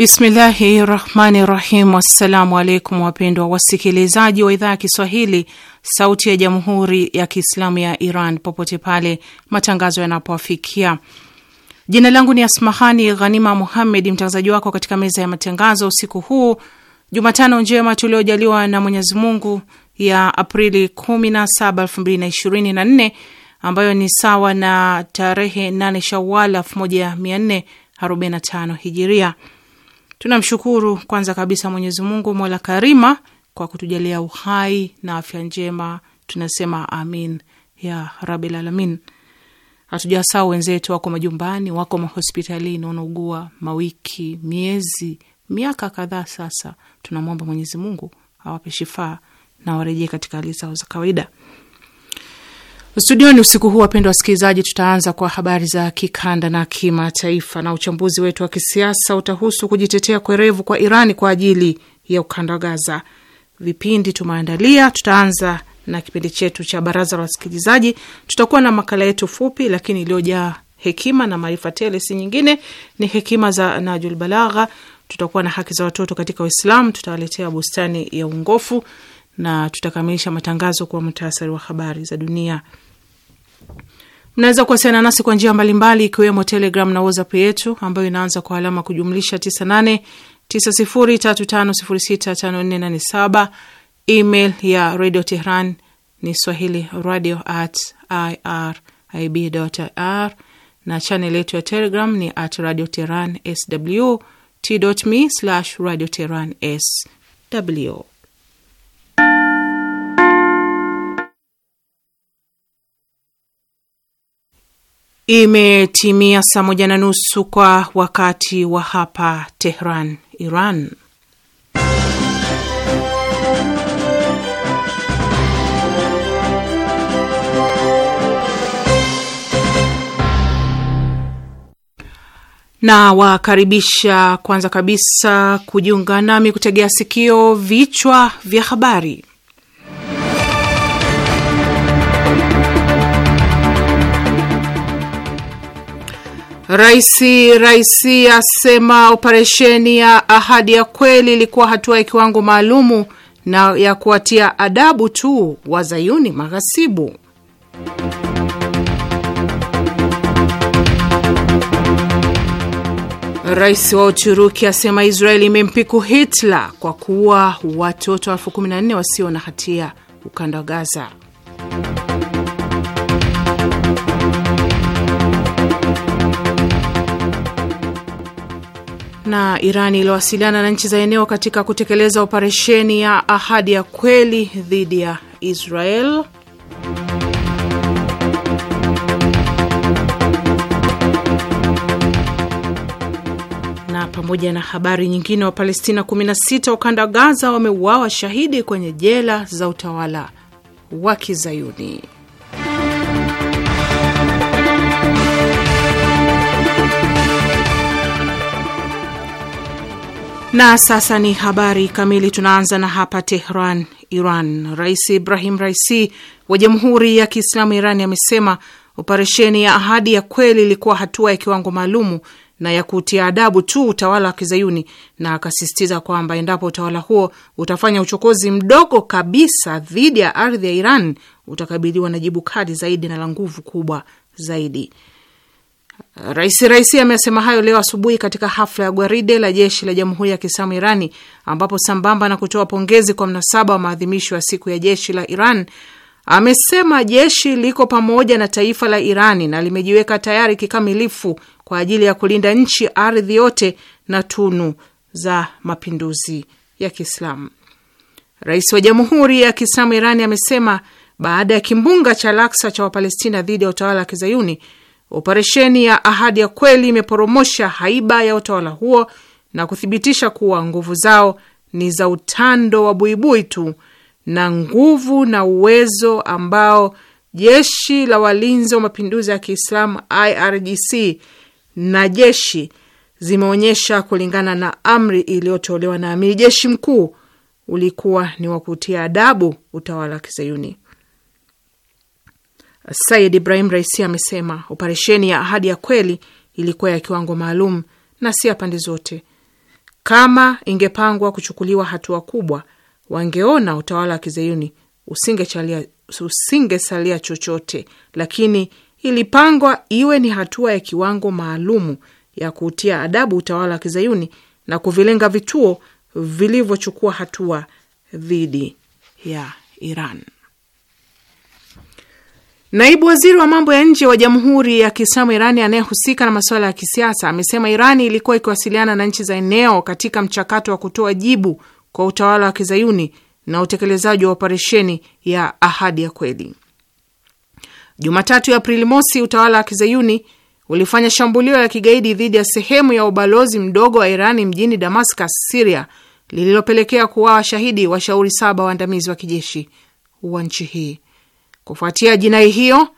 Bismillahi rahmani rahim. Assalamu alaikum wapendwa wasikilizaji wa idhaa ya Kiswahili sauti ya jamhuri ya Kiislamu ya Iran popote pale matangazo yanapowafikia. Jina langu ni Asmahani Ghanima Muhammed, mtangazaji wako katika meza ya matangazo usiku huu Jumatano njema tuliojaliwa na Mwenyezi Mungu ya Aprili 17, 2024 ambayo ni sawa na tarehe 8 Shawal 1445 hijiria. Tunamshukuru kwanza kabisa Mwenyezi Mungu mola karima kwa kutujalia uhai na afya njema, tunasema amin ya rabil alamin. Hatujasahau wenzetu wako majumbani, wako mahospitalini, wanaugua mawiki, miezi, miaka kadhaa sasa. Tunamwomba Mwenyezi Mungu awape shifaa na warejee katika hali zao za kawaida. Studioni usiku huu, wapendwa wasikilizaji, tutaanza kwa habari za kikanda na kimataifa, na uchambuzi wetu wa kisiasa utahusu kujitetea kwerevu kwa Irani kwa ajili ya ukanda wa Gaza. Vipindi tumeandalia, tutaanza na kipindi chetu cha baraza la wasikilizaji, tutakuwa na makala yetu fupi lakini iliyojaa hekima na maarifa tele, si nyingine ni hekima za Najul Balagha. Tutakuwa na haki za watoto katika Uislamu, tutawaletea bustani ya uongofu na tutakamilisha matangazo kwa muhtasari wa habari za dunia. Mnaweza kuwasiliana nasi kwa njia mbalimbali, ikiwemo Telegram na WhatsApp yetu ambayo inaanza kwa alama kujumlisha 989035065487. Email ya Radio Tehran ni swahili radio at irib ir, na chaneli yetu ya Telegram ni at Radio Tehran sw tm slash Radio Tehran sw Imetimia saa moja na nusu kwa wakati wa hapa Tehran, Iran na wakaribisha kwanza kabisa kujiunga nami kutegea sikio vichwa vya habari. Raisi raisi asema operesheni ya Ahadi ya Kweli ilikuwa hatua ya kiwango maalumu na ya kuwatia adabu tu wazayuni maghasibu. Rais wa Uturuki asema Israeli imempiku Hitler kwa kuua watoto elfu kumi na nne wasio na hatia ukanda wa Gaza. Na Iran iliwasiliana na nchi za eneo katika kutekeleza operesheni ya ahadi ya kweli dhidi ya Israel. pamoja na habari nyingine, wa palestina 16 ukanda wa Gaza wameuawa shahidi kwenye jela za utawala wa Kizayuni. Na sasa ni habari kamili. Tunaanza na hapa Tehran, Iran. Rais Ibrahim Raisi wa Jamhuri ya Kiislamu iran amesema operesheni ya Ahadi ya Kweli ilikuwa hatua ya kiwango maalumu na ya kutia adabu tu utawala wa Kizayuni, na akasisitiza kwamba endapo utawala huo utafanya uchokozi mdogo kabisa dhidi ya ardhi ya Iran utakabiliwa na jibu kali zaidi na la nguvu kubwa zaidi. Rais Raisi amesema hayo leo asubuhi katika hafla ya gwaride la jeshi la jamhuri ya Kiislamu Irani, ambapo sambamba na kutoa pongezi kwa mnasaba wa maadhimisho ya siku ya jeshi la Iran, amesema jeshi liko pamoja na taifa la Irani na limejiweka tayari kikamilifu kwa ajili ya kulinda nchi, ardhi yote na tunu za mapinduzi ya Kiislamu. Rais wa Jamhuri ya Kiislamu Irani amesema baada ya kimbunga cha Laksa cha Wapalestina dhidi ya utawala wa Kizayuni, operesheni ya Ahadi ya Kweli imeporomosha haiba ya utawala huo na kuthibitisha kuwa nguvu zao ni za utando wa buibui tu na nguvu na uwezo ambao jeshi la walinzi wa mapinduzi ya Kiislamu IRGC na jeshi zimeonyesha kulingana na amri iliyotolewa na amiri jeshi mkuu ulikuwa ni wa kutia adabu utawala wa Kizayuni. Said Ibrahim Raisi amesema operesheni ya Ahadi ya Kweli ilikuwa ya kiwango maalum na si ya pande zote. Kama ingepangwa kuchukuliwa hatua kubwa, wangeona utawala wa Kizayuni usingesalia usinge chochote, lakini ilipangwa iwe ni hatua ya kiwango maalumu ya kuutia adabu utawala wa kizayuni na kuvilenga vituo vilivyochukua hatua dhidi ya Iran. Naibu waziri wa mambo ya nje wa Jamhuri ya Kiislamu Irani anayehusika na masuala ya kisiasa amesema Irani ilikuwa ikiwasiliana na nchi za eneo katika mchakato wa kutoa jibu kwa utawala wa kizayuni na utekelezaji wa operesheni ya ahadi ya kweli. Jumatatu ya Aprili mosi, utawala wa kizayuni ulifanya shambulio la kigaidi dhidi ya sehemu ya ubalozi mdogo wa Irani mjini Damascus, Siria, lililopelekea kuwawa shahidi washauri saba waandamizi wa kijeshi wa nchi hii. Kufuatia jinai hiyo,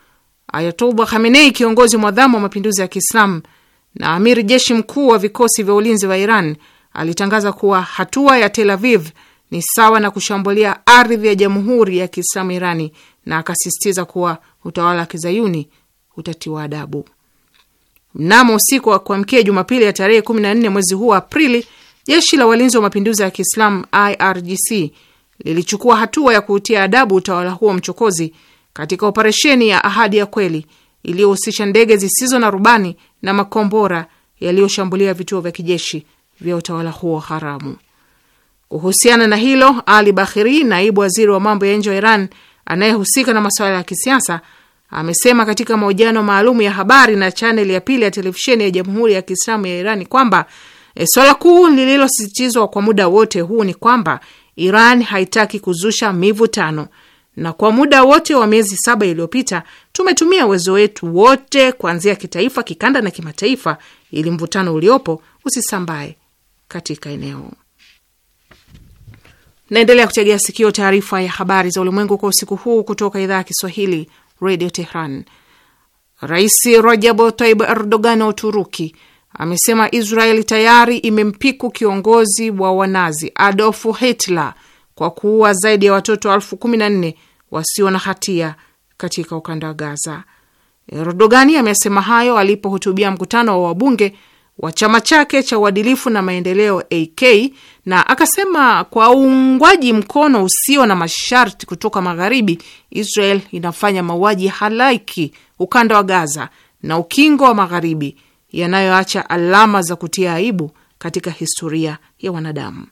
Ayatollah Khamenei, kiongozi mwadhamu wa mapinduzi ya Kiislamu na amiri jeshi mkuu wa vikosi vya ulinzi wa Iran, alitangaza kuwa hatua ya Tel Aviv ni sawa na kushambulia ardhi ya Jamhuri ya Kiislamu Irani, na akasisitiza kuwa utawala wa kizayuni utatiwa adabu. Mnamo usiku wa kuamkia Jumapili ya tarehe 14 mwezi huu wa Aprili, jeshi la walinzi wa mapinduzi ya Kiislamu IRGC lilichukua hatua ya kuutia adabu utawala huo mchokozi katika operesheni ya Ahadi ya Kweli iliyohusisha ndege zisizo na rubani na makombora yaliyoshambulia vituo vya kijeshi vya utawala huo haramu. Kuhusiana na hilo, Ali Bakhiri, naibu waziri wa mambo ya nje wa Iran, anayehusika na masuala ya kisiasa amesema katika mahojiano maalum ya habari na chaneli ya pili ya televisheni ya Jamhuri ya Kiislamu ya Irani kwamba e, swala kuu lililosisitizwa kwa muda wote huu ni kwamba Iran haitaki kuzusha mivutano, na kwa muda wote wa miezi saba iliyopita tumetumia uwezo wetu wote, kuanzia kitaifa, kikanda na kimataifa, ili mvutano uliopo usisambae katika eneo. Naendelea kutegea sikio taarifa ya habari za ulimwengu kwa usiku huu kutoka idhaa ya Kiswahili Radio Tehran. Rais Rajab Tayyip Erdogan wa Uturuki amesema Israeli tayari imempiku kiongozi wa wanazi Adolfu Hitler kwa kuua zaidi ya watoto elfu kumi na nne wasio na hatia katika ukanda wa Gaza. Erdogani amesema hayo alipohutubia mkutano wa wabunge wa chama chake cha uadilifu na maendeleo AK, na akasema kwa uungwaji mkono usio na masharti kutoka magharibi, Israel inafanya mauaji halaiki ukanda wa Gaza na ukingo wa magharibi yanayoacha alama za kutia aibu katika historia ya wanadamu.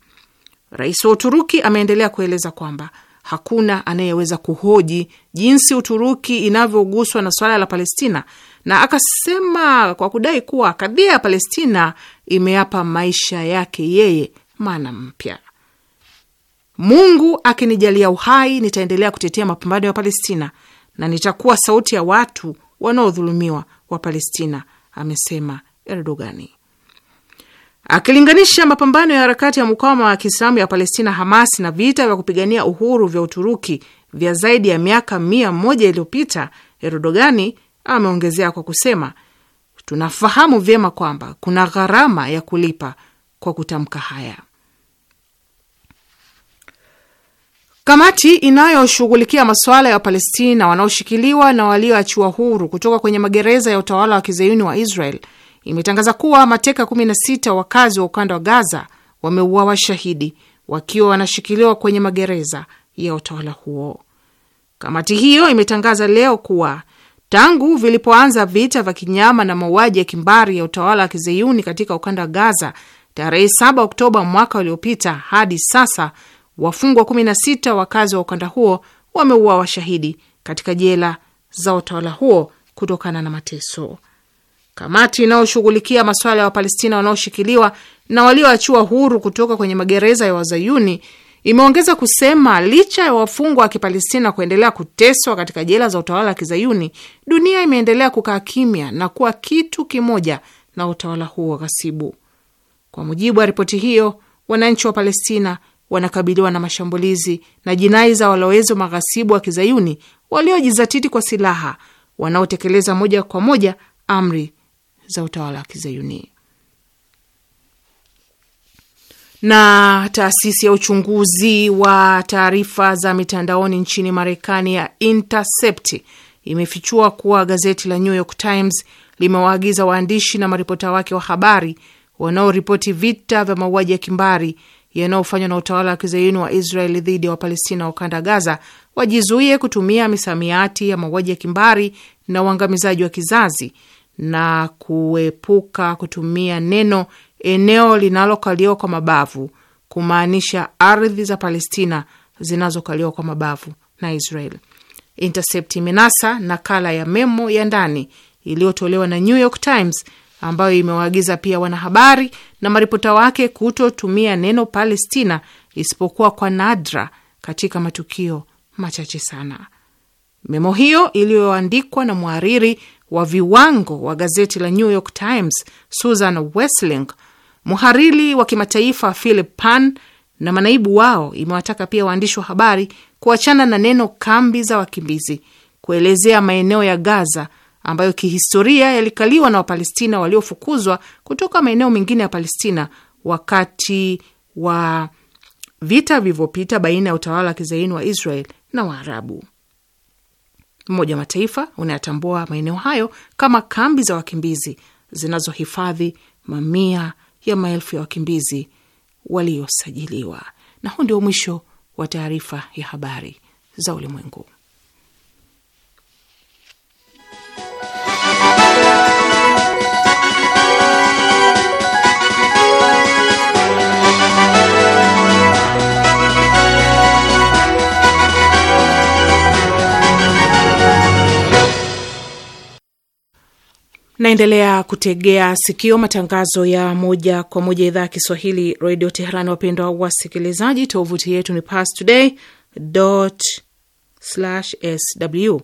Rais wa Uturuki ameendelea kueleza kwamba hakuna anayeweza kuhoji jinsi Uturuki inavyoguswa na suala la Palestina na akasema kwa kudai kuwa kadhia ya Palestina imeapa maisha yake yeye maana mpya. Mungu akinijalia uhai, nitaendelea kutetea mapambano ya Palestina na nitakuwa sauti ya watu wanaodhulumiwa wa Palestina, amesema Erdogani akilinganisha mapambano ya harakati ya mukawama wa Kiislamu ya Palestina Hamas na vita vya kupigania uhuru vya Uturuki vya zaidi ya miaka mia moja iliyopita. Erdogani Ameongezea kwa kusema, tunafahamu vyema kwamba kuna gharama ya kulipa kwa kutamka haya. Kamati inayoshughulikia masuala ya Wapalestina wanaoshikiliwa na walioachiwa huru kutoka kwenye magereza ya utawala wa kizayuni wa Israel imetangaza kuwa mateka 16 wakazi wa ukanda wa Gaza wameuawa shahidi wakiwa wanashikiliwa kwenye magereza ya utawala huo. Kamati hiyo imetangaza leo kuwa Tangu vilipoanza vita vya kinyama na mauaji ya kimbari ya utawala wa kizeyuni katika ukanda wa Gaza tarehe 7 Oktoba mwaka uliopita hadi sasa, wafungwa 16 wakazi wa ukanda huo wameuawa washahidi katika jela za utawala huo kutokana na mateso. Kamati inayoshughulikia masuala ya Wapalestina wanaoshikiliwa na walioachiwa huru kutoka kwenye magereza ya Wazayuni Imeongeza kusema licha ya wafungwa wa Kipalestina kuendelea kuteswa katika jela za utawala wa Kizayuni, dunia imeendelea kukaa kimya na kuwa kitu kimoja na utawala huo ghasibu. Kwa mujibu wa ripoti hiyo, wananchi wa Palestina wanakabiliwa na mashambulizi na jinai za walowezi maghasibu wa Kizayuni waliojizatiti kwa silaha, wanaotekeleza moja kwa moja amri za utawala wa Kizayuni. Na taasisi ya uchunguzi wa taarifa za mitandaoni nchini Marekani ya Intercept imefichua kuwa gazeti la New York Times limewaagiza waandishi na maripota wake wa habari wanaoripoti vita vya mauaji ya kimbari yanayofanywa na utawala wa kizayuni wa Israel dhidi ya Wapalestina wa ukanda Gaza wajizuie kutumia misamiati ya mauaji ya kimbari na uangamizaji wa kizazi na kuepuka kutumia neno eneo linalokaliwa kwa mabavu, kumaanisha ardhi za Palestina zinazokaliwa kwa mabavu na Israel. Intercept imenasa nakala ya memo ya ndani iliyotolewa na New York Times ambayo imewaagiza pia wanahabari na maripota wake kutotumia neno Palestina isipokuwa kwa nadra katika matukio machache sana. Memo hiyo iliyoandikwa na mhariri wa viwango wa gazeti la New York Times Susan Westling Mhariri wa kimataifa Philip Pan na manaibu wao imewataka pia waandishi wa habari kuachana na neno kambi za wakimbizi kuelezea maeneo ya Gaza ambayo kihistoria yalikaliwa na Wapalestina waliofukuzwa kutoka maeneo mengine ya Palestina wakati wa vita vilivyopita baina ya utawala wa kizaini wa Israel na Waarabu. Mmoja wa Mataifa unayatambua maeneo hayo kama kambi za wakimbizi zinazohifadhi mamia ya maelfu ya wakimbizi waliosajiliwa. Na huu ndio mwisho wa taarifa ya habari za ulimwengu. Naendelea kutegea sikio matangazo ya moja kwa moja idhaa ya Kiswahili redio Teheran. Wapendwa wasikilizaji, tovuti yetu ni pastoday.sw.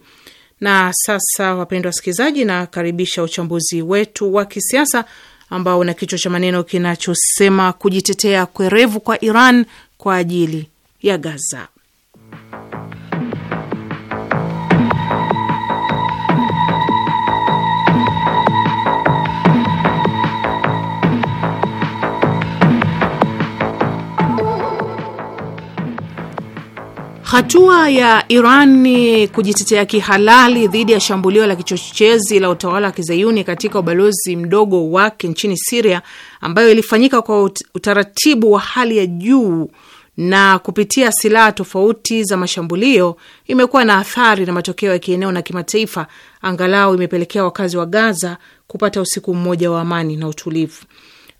Na sasa, wapendwa wasikilizaji, nakaribisha uchambuzi wetu wa kisiasa ambao una kichwa cha maneno kinachosema kujitetea kwerevu kwa Iran kwa ajili ya Gaza. Hatua ya Iran kujitetea kihalali dhidi ya shambulio la kichochezi la utawala wa kizayuni katika ubalozi mdogo wake nchini Siria, ambayo ilifanyika kwa utaratibu wa hali ya juu na kupitia silaha tofauti za mashambulio, imekuwa na athari na matokeo ya kieneo na kimataifa. Angalau imepelekea wakazi wa Gaza kupata usiku mmoja wa amani na utulivu.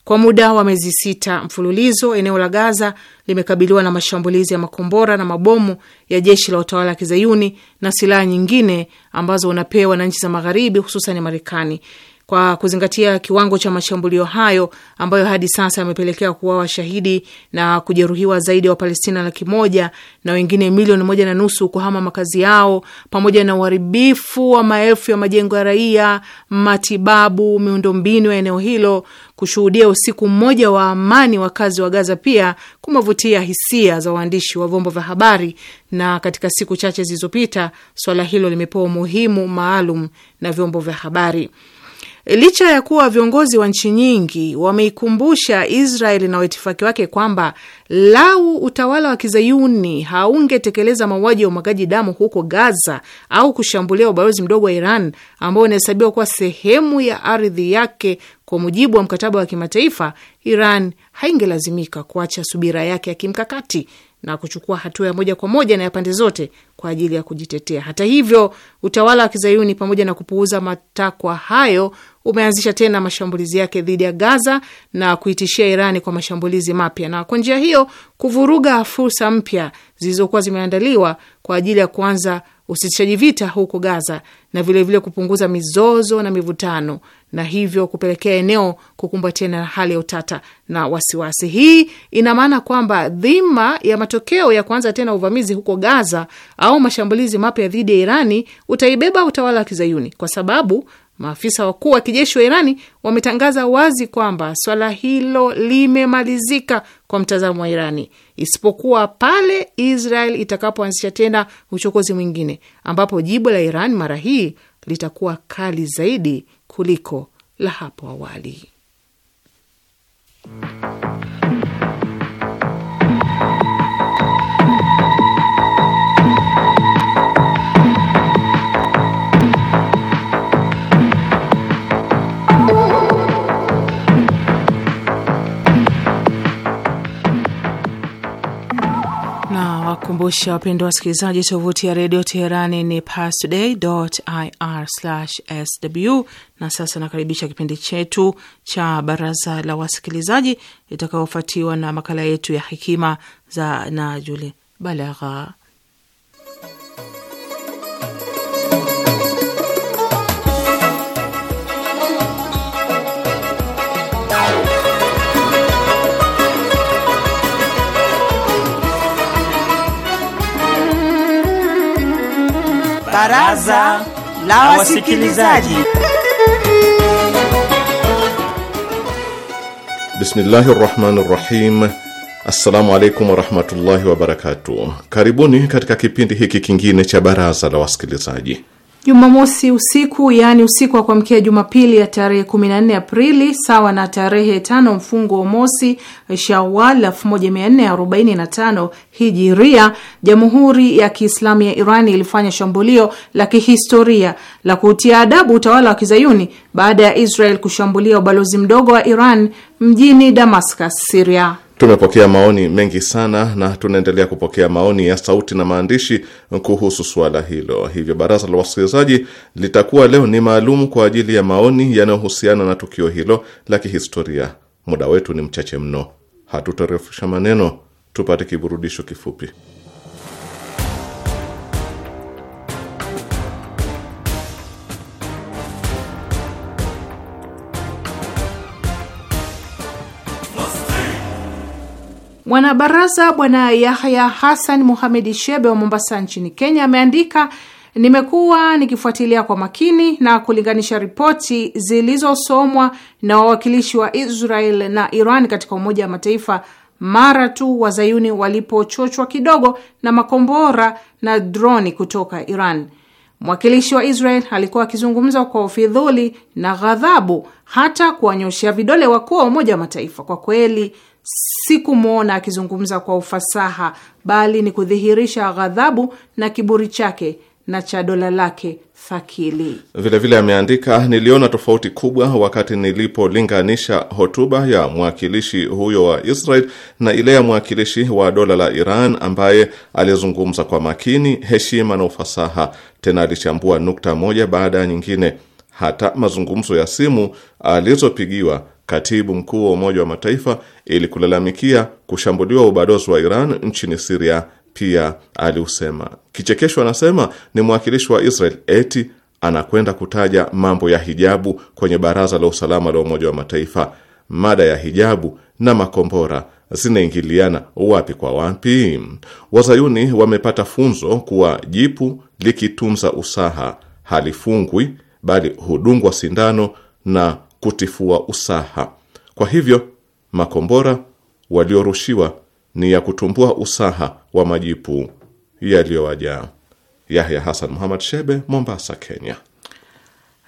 Kwa muda wa miezi sita mfululizo, eneo la Gaza limekabiliwa na mashambulizi ya makombora na mabomu ya jeshi la utawala wa kizayuni na silaha nyingine ambazo unapewa na nchi za Magharibi, hususan Marekani. Kwa kuzingatia kiwango cha mashambulio hayo ambayo hadi sasa yamepelekea kuwa washahidi na kujeruhiwa zaidi ya Wapalestina laki moja na wengine milioni moja na nusu kuhama makazi yao, pamoja na uharibifu wa maelfu ya majengo ya raia, matibabu, miundombinu ya eneo hilo, kushuhudia usiku mmoja wa amani wakazi wa Gaza pia kumevutia hisia za waandishi wa vyombo vya habari, na katika siku chache zilizopita swala hilo limepewa umuhimu maalum na vyombo vya habari. E, licha ya kuwa viongozi wa nchi nyingi wameikumbusha Israeli na waitifaki wake kwamba lau utawala wa kizayuni haungetekeleza mauaji ya umwagaji damu huko Gaza au kushambulia ubalozi mdogo wa Iran ambao unahesabiwa kuwa sehemu ya ardhi yake kwa mujibu wa mkataba wa kimataifa, Iran haingelazimika kuacha subira yake ya kimkakati na kuchukua hatua ya moja kwa moja na ya pande zote kwa ajili ya kujitetea. Hata hivyo, utawala wa kizayuni pamoja na kupuuza matakwa hayo umeanzisha tena mashambulizi yake dhidi ya Gaza na kuitishia Irani kwa mashambulizi mapya na kwa njia hiyo kuvuruga fursa mpya zilizokuwa zimeandaliwa kwa ajili ya kuanza usitishaji vita huko Gaza na vilevile vile kupunguza mizozo na mivutano na hivyo kupelekea eneo kukumbwa tena na hali ya utata na wasiwasi. Hii ina maana kwamba dhima ya matokeo ya kuanza tena uvamizi huko Gaza au mashambulizi mapya dhidi ya Irani utaibeba utawala wa Kizayuni, kwa sababu Maafisa wakuu wa kijeshi wa Irani wametangaza wazi kwamba swala hilo limemalizika kwa mtazamo wa Irani, isipokuwa pale Israel itakapoanzisha tena uchokozi mwingine, ambapo jibu la iran mara hii litakuwa kali zaidi kuliko la hapo awali. Nawakumbusha wapendo wasikilizaji, tovuti ya redio Teherani ni pastoday.ir/sw. Na sasa nakaribisha kipindi chetu cha baraza la wasikilizaji itakayofuatiwa na makala yetu ya hekima za Najuli Balagha. Baraza la Wasikilizaji. Bismillahi rahmani rahim. Assalamu alaikum warahmatullahi wabarakatuh. Karibuni katika kipindi hiki kingine cha Baraza la Wasikilizaji. Jumamosi usiku, yaani usiku wa kuamkia Jumapili ya tarehe 14 Aprili sawa na tarehe tano mfungo wa mosi Shawal 1445 Hijiria, Jamhuri ya Kiislamu ya Iran ilifanya shambulio la kihistoria la kutia adabu utawala wa Kizayuni baada ya Israel kushambulia ubalozi mdogo wa Iran mjini Damascus, Syria. Tumepokea maoni mengi sana na tunaendelea kupokea maoni ya sauti na maandishi kuhusu suala hilo. Hivyo baraza la wasikilizaji litakuwa leo ni maalum kwa ajili ya maoni yanayohusiana na tukio hilo la kihistoria. Muda wetu ni mchache mno, hatutarefusha maneno, tupate kiburudisho kifupi. Mwanabaraza Bwana Yahya Hassan Muhamedi Shebe wa Mombasa nchini Kenya ameandika Nimekuwa nikifuatilia kwa makini na kulinganisha ripoti zilizosomwa na wawakilishi wa Israel na Iran katika Umoja wa Mataifa mara tu wazayuni walipochochwa kidogo na makombora na droni kutoka Iran. Mwakilishi wa Israel alikuwa akizungumza kwa ufidhuli na ghadhabu, hata kuwanyoshea vidole wakuu wa Umoja wa Mataifa. Kwa kweli si kumwona akizungumza kwa ufasaha, bali ni kudhihirisha ghadhabu na kiburi chake na cha dola lake thakili. Vilevile ameandika niliona tofauti kubwa wakati nilipolinganisha hotuba ya mwakilishi huyo wa Israel na ile ya mwakilishi wa dola la Iran ambaye alizungumza kwa makini, heshima na ufasaha, tena alichambua nukta moja baada ya nyingine. Hata mazungumzo ya simu alizopigiwa katibu mkuu wa Umoja wa Mataifa ili kulalamikia kushambuliwa ubalozi wa Iran nchini Siria pia aliusema. Kichekesho anasema ni mwakilishi wa Israel eti anakwenda kutaja mambo ya hijabu kwenye Baraza la Usalama la Umoja wa Mataifa. Mada ya hijabu na makombora zinaingiliana wapi kwa wapi? Wazayuni wamepata funzo kuwa jipu likitunza usaha halifungwi, bali hudungwa sindano na kutifua usaha. Kwa hivyo makombora waliorushiwa ni ya kutumbua usaha wa majipu yaliyowajaa. Yahya Hassan Muhammad Shebe, Mombasa, Kenya.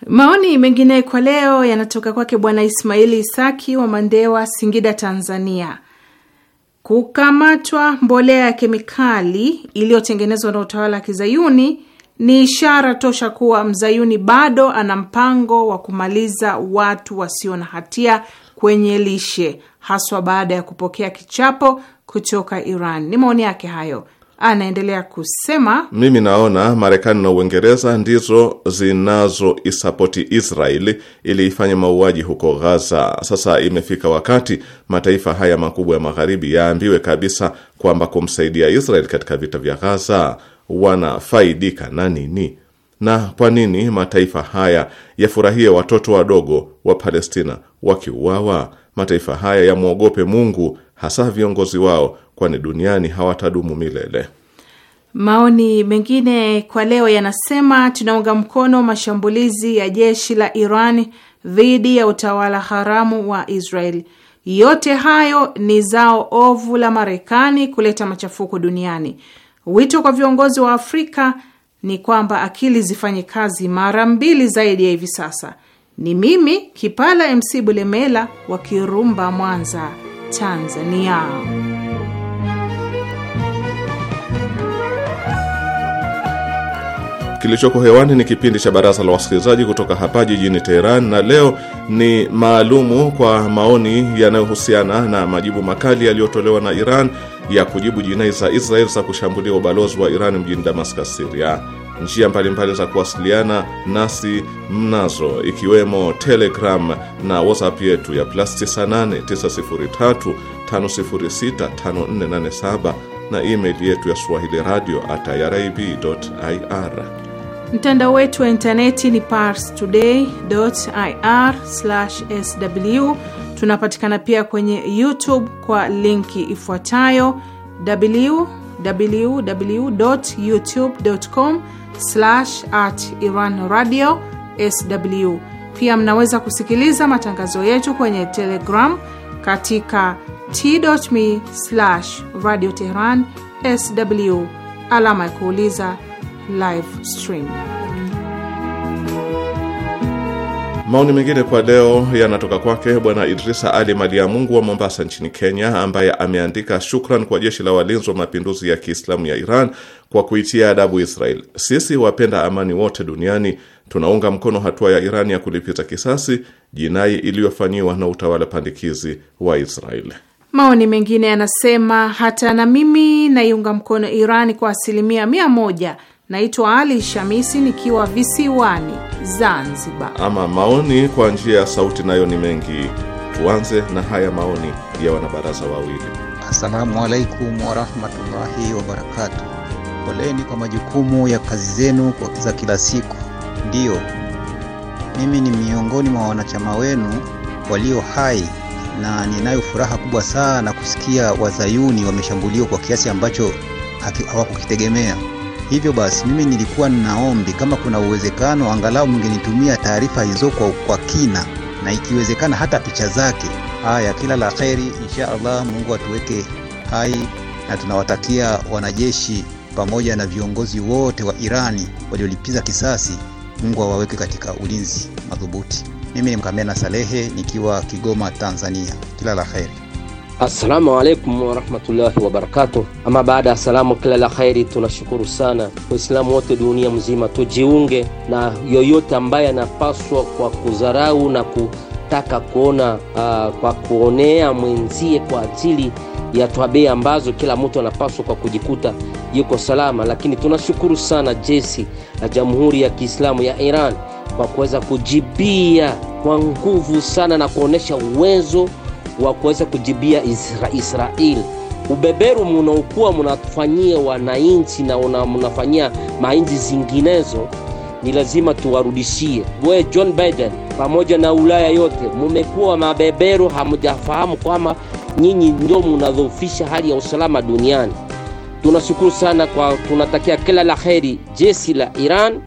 Maoni mengine kwa leo yanatoka kwake Bwana Ismaili Isaki wa Mandewa, Singida, Tanzania. Kukamatwa mbolea ya kemikali iliyotengenezwa na utawala wa kizayuni ni ishara tosha kuwa mzayuni bado ana mpango wa kumaliza watu wasio na hatia kwenye lishe, haswa baada ya kupokea kichapo kutoka Iran. Ni maoni yake hayo. Anaendelea kusema, mimi naona Marekani na Uingereza ndizo zinazoisapoti Israeli ili ifanye mauaji huko Gaza. Sasa imefika wakati mataifa haya makubwa ya magharibi yaambiwe kabisa kwamba kumsaidia Israeli katika vita vya Gaza wanafaidika na nini, na kwa nini mataifa haya yafurahie watoto wadogo wa Palestina wakiuawa? Mataifa haya yamwogope Mungu, hasa viongozi wao, kwani duniani hawatadumu milele. Maoni mengine kwa leo yanasema tunaunga mkono mashambulizi ya jeshi la Iran dhidi ya utawala haramu wa Israel. Yote hayo ni zao ovu la Marekani kuleta machafuko duniani. Wito kwa viongozi wa Afrika ni kwamba akili zifanye kazi mara mbili zaidi ya hivi sasa. Ni mimi Kipala MC Bulemela wa Kirumba, Mwanza, Tanzania. Kilichoko hewani ni kipindi cha Baraza la Wasikilizaji kutoka hapa jijini Teheran, na leo ni maalumu kwa maoni yanayohusiana na majibu makali yaliyotolewa na Iran ya kujibu jinai za Israel za kushambulia ubalozi wa Iran mjini Damascus, Syria. Njia mbalimbali za kuwasiliana nasi mnazo ikiwemo Telegram na WhatsApp yetu ya plus 989035065487 na email yetu ya swahili radio at irib.ir. Mtandao wetu wa intaneti ni parstoday.ir/sw. Tunapatikana pia kwenye YouTube kwa linki ifuatayo wwwyoutubecom sw Pia mnaweza kusikiliza matangazo yetu kwenye Telegram katika tme tehran sw alama ya kuuliza live stream. Maoni mengine kwa leo yanatoka kwake Bwana Idrisa Ali Mali ya Mungu wa Mombasa nchini Kenya, ambaye ameandika shukran kwa jeshi la walinzi wa mapinduzi ya Kiislamu ya Iran kwa kuitia adabu Israel. Sisi wapenda amani wote duniani tunaunga mkono hatua ya Iran ya kulipiza kisasi jinai iliyofanyiwa na utawala pandikizi wa Israel. Maoni mengine yanasema hata na mimi naiunga mkono Iran kwa asilimia mia moja Naitwa Ali Shamisi nikiwa visiwani Zanzibar. Ama maoni kwa njia ya sauti nayo ni mengi. Tuanze na haya maoni ya wanabaraza wawili. Assalamu alaikum warahmatullahi wabarakatu. Poleni kwa majukumu ya kazi zenu za kila siku. Ndiyo, mimi ni miongoni mwa wanachama wenu walio hai na ninayo furaha kubwa sana kusikia wazayuni wameshambuliwa kwa kiasi ambacho hawakukitegemea. Hivyo basi mimi nilikuwa ninaombi kama kuna uwezekano angalau mngenitumia taarifa hizo kwa, kwa kina na ikiwezekana hata picha zake. Haya, kila la kheri insha Allah. Mungu atuweke hai na tunawatakia wanajeshi pamoja na viongozi wote wa Irani waliolipiza kisasi, Mungu awaweke katika ulinzi madhubuti. Mimi ni Mkamena Salehe nikiwa Kigoma, Tanzania. Kila la kheri. Assalamu alaikum warahmatullahi wabarakatuh. Ama baada ya salamu, kila la kheri. Tunashukuru sana Waislamu wote dunia mzima, tujiunge na yoyote ambaye anapaswa kwa kudharau na kutaka kuona uh, kwa kuonea mwenzie kwa ajili ya twabei ambazo kila mtu anapaswa kwa kujikuta yuko salama. Lakini tunashukuru sana jesi la Jamhuri ya Kiislamu ya Iran kwa kuweza kujibia kwa nguvu sana na kuonesha uwezo wa kuweza kujibia Isra Israeli ubeberu munaokuwa munafanyia wananchi na una, munafanyia mainchi zinginezo ni lazima tuwarudishie. We John Biden pamoja na Ulaya yote mumekuwa mabeberu, hamujafahamu kwamba nyinyi ndio munadhoofisha hali ya usalama duniani. Tunashukuru sana kwa, tunatakia kila la heri jeshi la Iran.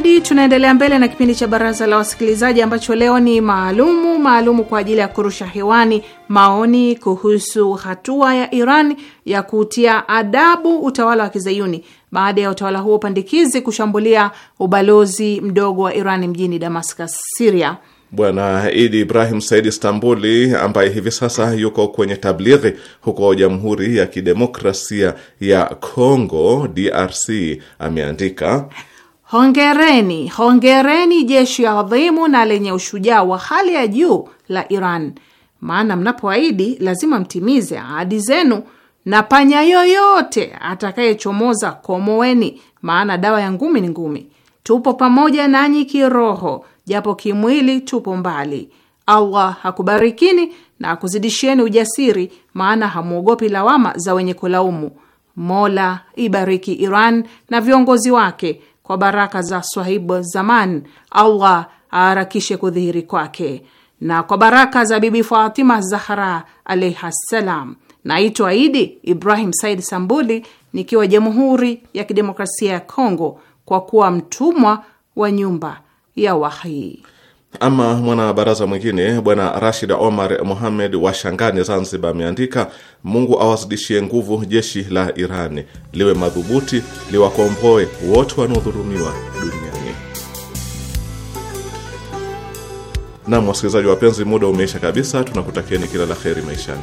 Maulidi. Tunaendelea mbele na kipindi cha baraza la wasikilizaji ambacho leo ni maalumu maalumu kwa ajili ya kurusha hewani maoni kuhusu hatua ya Iran ya kutia adabu utawala wa kizayuni baada ya utawala huo upandikizi kushambulia ubalozi mdogo wa Iran mjini Damascus, siria Bwana Idi Ibrahim Said Istambuli ambaye hivi sasa yuko kwenye tablighi huko Jamhuri ya Kidemokrasia ya congo DRC ameandika Hongereni, hongereni jeshi adhimu na lenye ushujaa wa hali ya juu la Iran, maana mnapoahidi lazima mtimize ahadi zenu, na panya yoyote atakayechomoza komoweni, maana dawa ya ngumi ni ngumi. Tupo pamoja nanyi kiroho, japo kimwili tupo mbali. Allah hakubarikini na akuzidishieni ujasiri, maana hamwogopi lawama za wenye kulaumu. Mola ibariki Iran na viongozi wake kwa baraka za Swahibu Zaman, Allah aharakishe kudhihiri kwake, na kwa baraka za Bibi Fatima Zahra alaiha ssalam. Naitwa Idi Ibrahim Said Sambuli nikiwa Jamhuri ya Kidemokrasia ya Kongo, kwa kuwa mtumwa wa nyumba ya wahii. Ama mwanabaraza mwingine bwana Rashid Omar Mohamed wa Shangani, Zanzibar, ameandika Mungu awazidishie nguvu jeshi la Irani liwe madhubuti, liwakomboe wote wanaodhulumiwa duniani. Nam, wasikilizaji wapenzi, muda umeisha kabisa, tunakutakieni kila la kheri maishani.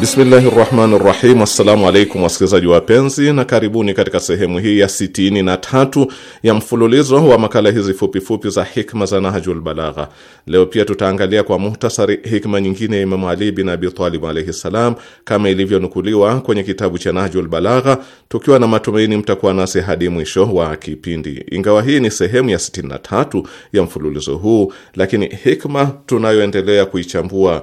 Bismillahi rahmani rahim. Assalamu alaikum wasikilizaji wapenzi, na karibuni katika sehemu hii ya sitini na tatu ya mfululizo wa makala hizi fupifupi fupi za hikma za Nahjul Balagha. Leo pia tutaangalia kwa muhtasari hikma nyingine ya Imamu Ali bin Abi Talib alaihi ssalam, kama ilivyonukuliwa kwenye kitabu cha Nahjul Balagha, tukiwa na matumaini mtakuwa nasi hadi mwisho wa kipindi. Ingawa hii ni sehemu ya sitini na tatu ya mfululizo huu, lakini hikma tunayoendelea kuichambua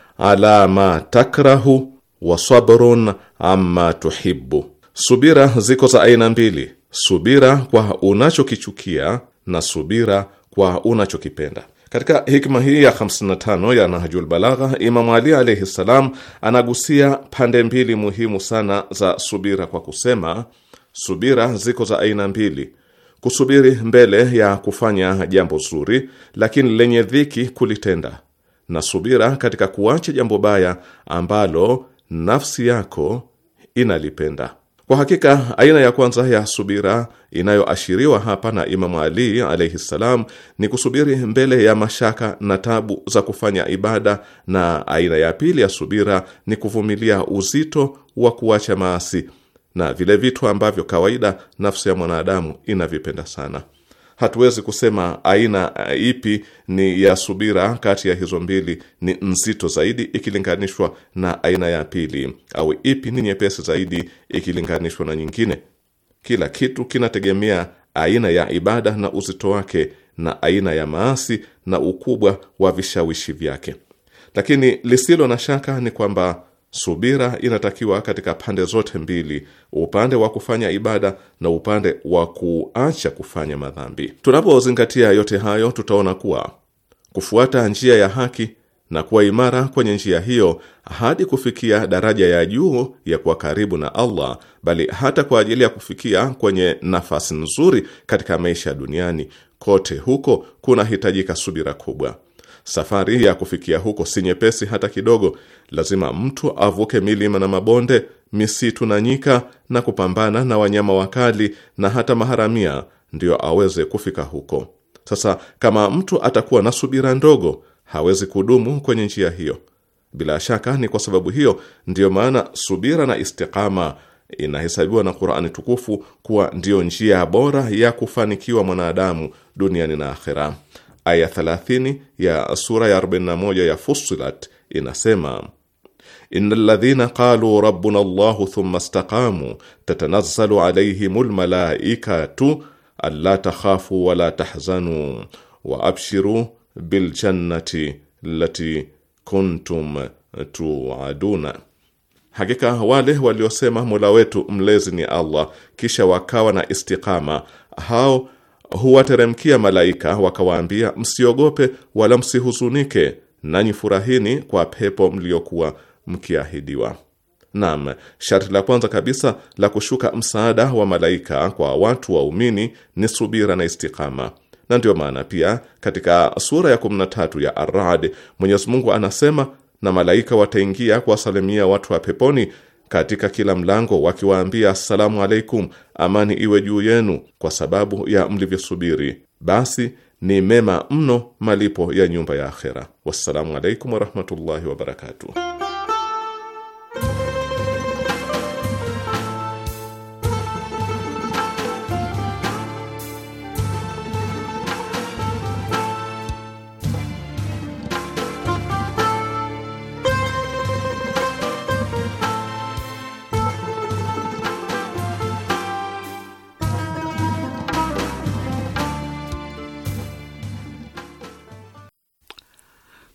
ala ma takrahu wa sabrun amma tuhibbu, subira ziko za aina mbili, subira kwa unachokichukia na subira kwa unachokipenda. Katika hikma hii ya 55 ya Nahjul Balagha, Imamu Ali alayhi salam anagusia pande mbili muhimu sana za subira kwa kusema, subira ziko za aina mbili: kusubiri mbele ya kufanya jambo zuri, lakini lenye dhiki kulitenda na subira katika kuacha jambo baya ambalo nafsi yako inalipenda. Kwa hakika aina ya kwanza ya subira inayoashiriwa hapa na Imamu Ali alaihi ssalam ni kusubiri mbele ya mashaka na tabu za kufanya ibada, na aina ya pili ya subira ni kuvumilia uzito wa kuacha maasi na vile vitu ambavyo kawaida nafsi ya mwanadamu inavipenda sana hatuwezi kusema aina eh, ipi ni ya subira kati ya hizo mbili ni nzito zaidi ikilinganishwa na aina ya pili, au ipi ni nyepesi zaidi ikilinganishwa na nyingine. Kila kitu kinategemea aina ya ibada na uzito wake na aina ya maasi na ukubwa wa vishawishi vyake, lakini lisilo na shaka ni kwamba Subira inatakiwa katika pande zote mbili, upande wa kufanya ibada na upande wa kuacha kufanya madhambi. Tunapozingatia yote hayo, tutaona kuwa kufuata njia ya haki na kuwa imara kwenye njia hiyo hadi kufikia daraja ya juu ya kuwa karibu na Allah, bali hata kwa ajili ya kufikia kwenye nafasi nzuri katika maisha duniani, kote huko kunahitajika subira kubwa. Safari ya kufikia huko si nyepesi hata kidogo. Lazima mtu avuke milima na mabonde, misitu na nyika, na kupambana na wanyama wakali na hata maharamia, ndiyo aweze kufika huko. Sasa kama mtu atakuwa na subira ndogo, hawezi kudumu kwenye njia hiyo. Bila shaka ni kwa sababu hiyo ndiyo maana subira na istiqama inahesabiwa na Qur'ani tukufu kuwa ndiyo njia bora ya kufanikiwa mwanadamu duniani na akhera aya 30 ya sura ya 41 ya Fussilat inasema: innal ladhina qalu rabbuna Allahu thumma istaqamu tatanazzalu alayhimul malaikatu alla takhafu wala tahzanu wa abshiru bil jannati allati kuntum tuaduna, hakika wale waliosema mola wetu mlezi ni Allah, kisha wakawa na istiqama, hao huwateremkia malaika wakawaambia, msiogope wala msihuzunike, nanyi furahini kwa pepo mliokuwa mkiahidiwa. Naam, sharti la kwanza kabisa la kushuka msaada wa malaika kwa watu waumini ni subira na istikama, na ndiyo maana pia katika sura ya 13 ya Arad Mwenyezi Mungu anasema, na malaika wataingia kuwasalimia watu wa peponi katika kila mlango wakiwaambia assalamu alaikum, amani iwe juu yenu, kwa sababu ya mlivyosubiri, basi ni mema mno malipo ya nyumba ya akhera. Wassalamu alaikum warahmatullahi wabarakatuh.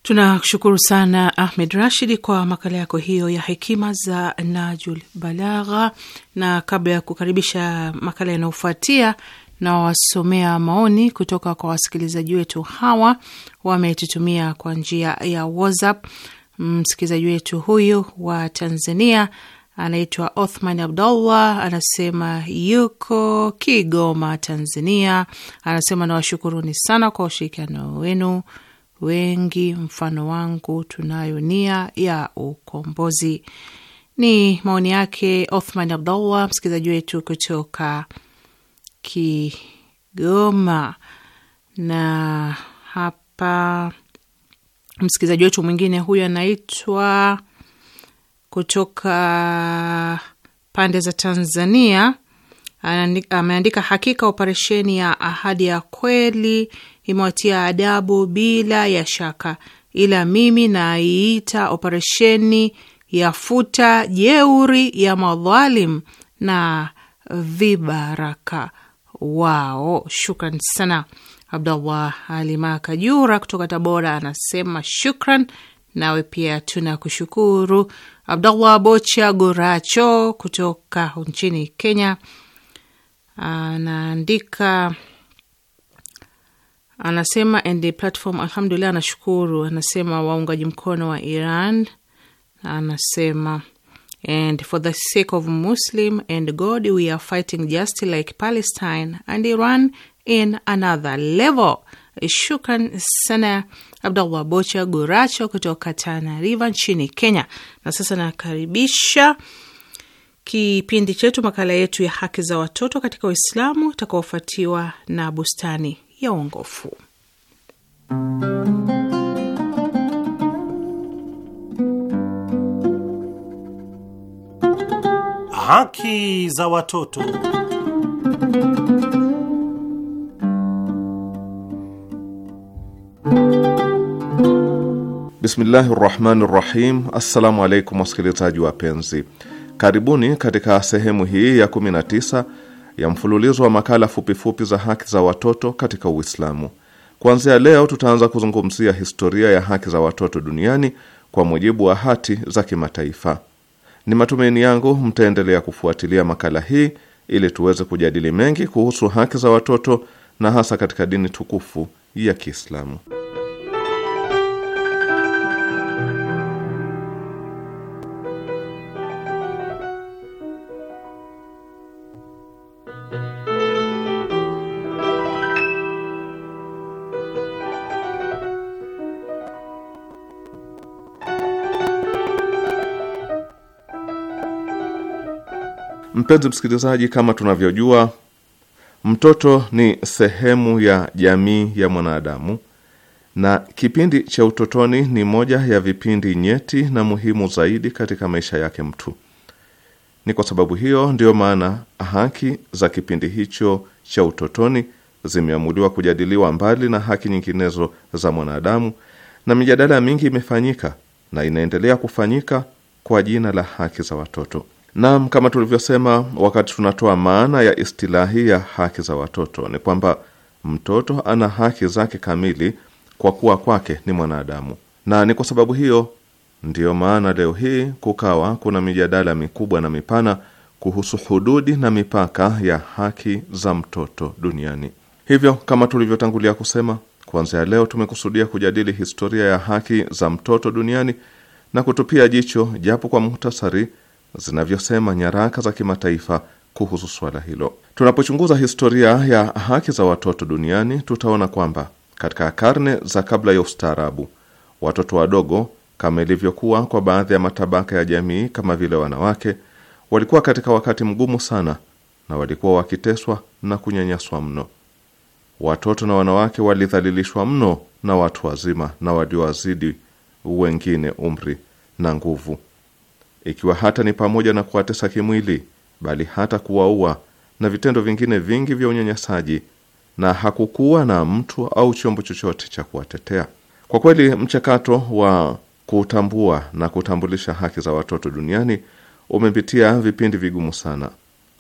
Tunashukuru sana Ahmed Rashid kwa makala yako hiyo ya hekima za Najul Balagha. Na kabla ya kukaribisha makala yanayofuatia, na wasomea maoni kutoka kwa wasikilizaji wetu hawa, wametutumia kwa njia ya WhatsApp. Msikilizaji wetu huyu wa Tanzania anaitwa Othman Abdullah, anasema yuko Kigoma, Tanzania. Anasema nawashukuruni sana kwa ushirikiano wenu wengi mfano wangu, tunayo nia ya ukombozi. Ni maoni yake Othman Abdullah, msikilizaji wetu kutoka Kigoma. Na hapa msikilizaji wetu mwingine huyu anaitwa kutoka pande za Tanzania ameandika, hakika operesheni ya ahadi ya kweli imewatia adabu bila ya shaka, ila mimi naiita operesheni ya futa jeuri ya madhalim na vibaraka wao. Shukran sana. Abdallah Alimaka Jura kutoka Tabora anasema shukran. Nawe pia tuna kushukuru. Abdallah Bocha Goracho kutoka nchini Kenya anaandika anasema ND the platform, alhamdulillah, anashukuru. Anasema waungaji mkono wa Iran, anasema and for the sake of Muslim and God we are fighting just like Palestine and Iran in another level. Shukran sana Abdallah Bocha Guracho kutoka Tana River nchini Kenya. Na sasa nakaribisha kipindi chetu, makala yetu ya haki za watoto katika Uislamu itakaofuatiwa na bustani ya uongofu. Haki za watoto. Bismillahi rahmani rahim. Assalamu alaikum wasikilizaji wapenzi, karibuni katika sehemu hii ya 19 ya mfululizo wa makala fupifupi za haki za watoto katika Uislamu. Kuanzia leo tutaanza kuzungumzia historia ya haki za watoto duniani kwa mujibu wa hati za kimataifa. Ni matumaini yangu mtaendelea kufuatilia makala hii ili tuweze kujadili mengi kuhusu haki za watoto na hasa katika dini tukufu ya Kiislamu. Mpenzi msikilizaji, kama tunavyojua, mtoto ni sehemu ya jamii ya mwanadamu na kipindi cha utotoni ni moja ya vipindi nyeti na muhimu zaidi katika maisha yake mtu. Ni kwa sababu hiyo ndiyo maana haki za kipindi hicho cha utotoni zimeamuliwa kujadiliwa mbali na haki nyinginezo za mwanadamu, na mijadala mingi imefanyika na inaendelea kufanyika kwa jina la haki za watoto. Naam, kama tulivyosema wakati tunatoa maana ya istilahi ya haki za watoto ni kwamba mtoto ana haki zake kamili kwa kuwa kwake ni mwanadamu, na ni kwa sababu hiyo ndiyo maana leo hii kukawa kuna mijadala mikubwa na mipana kuhusu hududi na mipaka ya haki za mtoto duniani. Hivyo kama tulivyotangulia kusema, kuanzia leo tumekusudia kujadili historia ya haki za mtoto duniani na kutupia jicho japo kwa muhtasari zinavyosema nyaraka za kimataifa kuhusu suala hilo. Tunapochunguza historia ya haki za watoto duniani, tutaona kwamba katika karne za kabla ya ustaarabu, watoto wadogo, kama ilivyokuwa kwa baadhi ya matabaka ya jamii kama vile wanawake, walikuwa katika wakati mgumu sana na walikuwa wakiteswa na kunyanyaswa mno. Watoto na wanawake walidhalilishwa mno na watu wazima na waliowazidi wengine umri na nguvu ikiwa hata ni pamoja na kuwatesa kimwili, bali hata kuwaua na vitendo vingine vingi vya unyanyasaji, na hakukuwa na mtu au chombo chochote cha kuwatetea. Kwa kweli mchakato wa kutambua na kutambulisha haki za watoto duniani umepitia vipindi vigumu sana.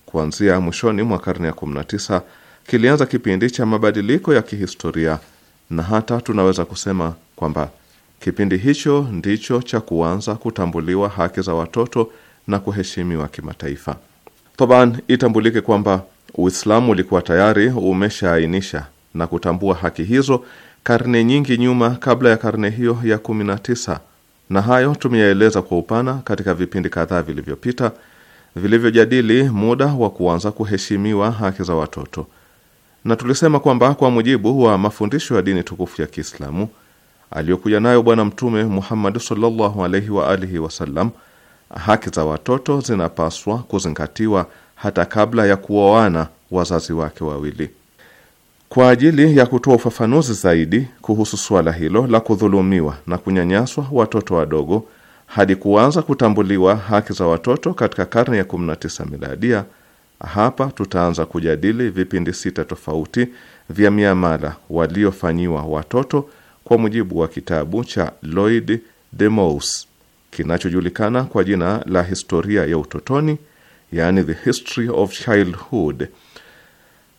Kuanzia mwishoni mwa karne ya 19 kilianza kipindi cha mabadiliko ya kihistoria, na hata tunaweza kusema kwamba Kipindi hicho ndicho cha kuanza kutambuliwa haki za watoto na kuheshimiwa kimataifa. toban itambulike kwamba Uislamu ulikuwa tayari umeshaainisha na kutambua haki hizo karne nyingi nyuma kabla ya karne hiyo ya 19 na hayo tumeyaeleza kwa upana katika vipindi kadhaa vilivyopita vilivyojadili muda wa kuanza kuheshimiwa haki za watoto, na tulisema kwamba kwa mujibu wa mafundisho ya dini tukufu ya Kiislamu aliyokuja nayo Bwana Mtume Muhammad sallallahu alaihi wa alihi wasallam, haki za watoto zinapaswa kuzingatiwa hata kabla ya kuoana wazazi wake wawili. Kwa ajili ya kutoa ufafanuzi zaidi kuhusu suala hilo la kudhulumiwa na kunyanyaswa watoto wadogo hadi kuanza kutambuliwa haki za watoto katika karne ya 19 miladia, hapa tutaanza kujadili vipindi sita tofauti vya miamala waliofanyiwa watoto kwa mujibu wa kitabu cha Lloyd de Mous kinachojulikana kwa jina la Historia ya Utotoni, yaani The History of Childhood.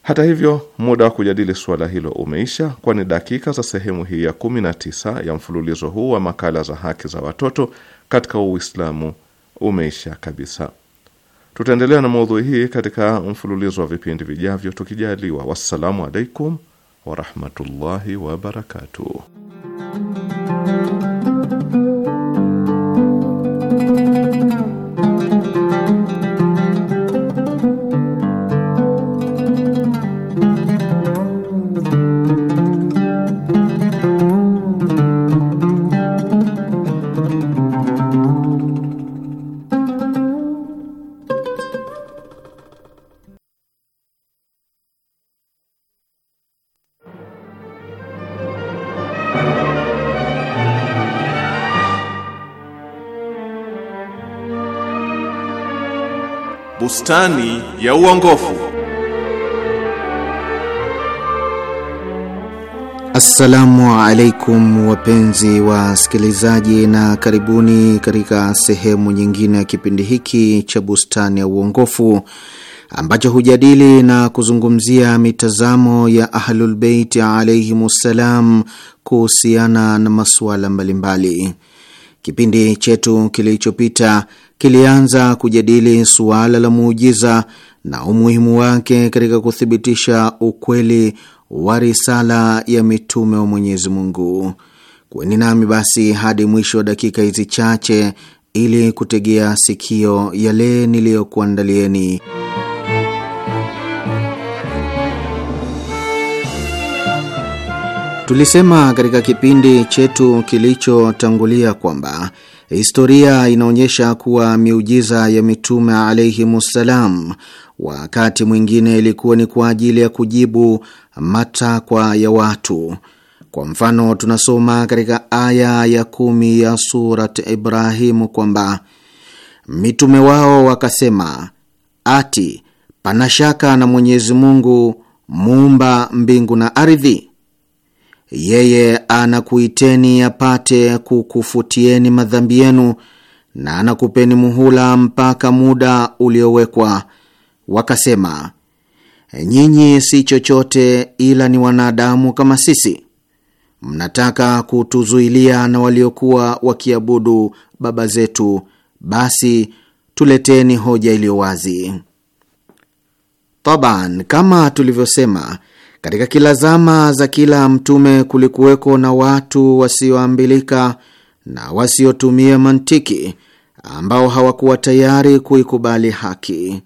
Hata hivyo, muda wa kujadili suala hilo umeisha, kwani dakika za sehemu hii ya 19 ya mfululizo huu wa makala za haki za watoto katika Uislamu umeisha kabisa. Tutaendelea na maudhui hii katika mfululizo wa vipindi vijavyo tukijaliwa. Wassalamu alaikum ورحمة الله وبركاته bustani ya uongofu. Assalamu alaikum wapenzi sikilizaji, na karibuni katika sehemu nyingine ya kipindi hiki cha bustani ya uongofu ambacho hujadili na kuzungumzia mitazamo ya Ahlulbeiti alaihimussalam kuhusiana na masuala mbalimbali. Kipindi chetu kilichopita kilianza kujadili suala la muujiza na umuhimu wake katika kuthibitisha ukweli wa risala ya mitume wa Mwenyezi Mungu. Kweni nami basi hadi mwisho wa dakika hizi chache ili kutegea sikio yale niliyokuandalieni. Tulisema katika kipindi chetu kilichotangulia kwamba Historia inaonyesha kuwa miujiza ya mitume alaihimussalam wakati mwingine ilikuwa ni kwa ajili ya kujibu matakwa ya watu. Kwa mfano, tunasoma katika aya ya kumi ya Surat Ibrahimu kwamba mitume wao wakasema, ati pana shaka na Mwenyezi Mungu muumba mbingu na ardhi? yeye anakuiteni apate kukufutieni madhambi yenu na anakupeni muhula mpaka muda uliowekwa. Wakasema, nyinyi si chochote ila ni wanadamu kama sisi, mnataka kutuzuilia na waliokuwa wakiabudu baba zetu, basi tuleteni hoja iliyo wazi. Taban, kama tulivyosema katika kila zama za kila mtume kulikuweko na watu wasioambilika na wasiotumia mantiki ambao hawakuwa tayari kuikubali haki.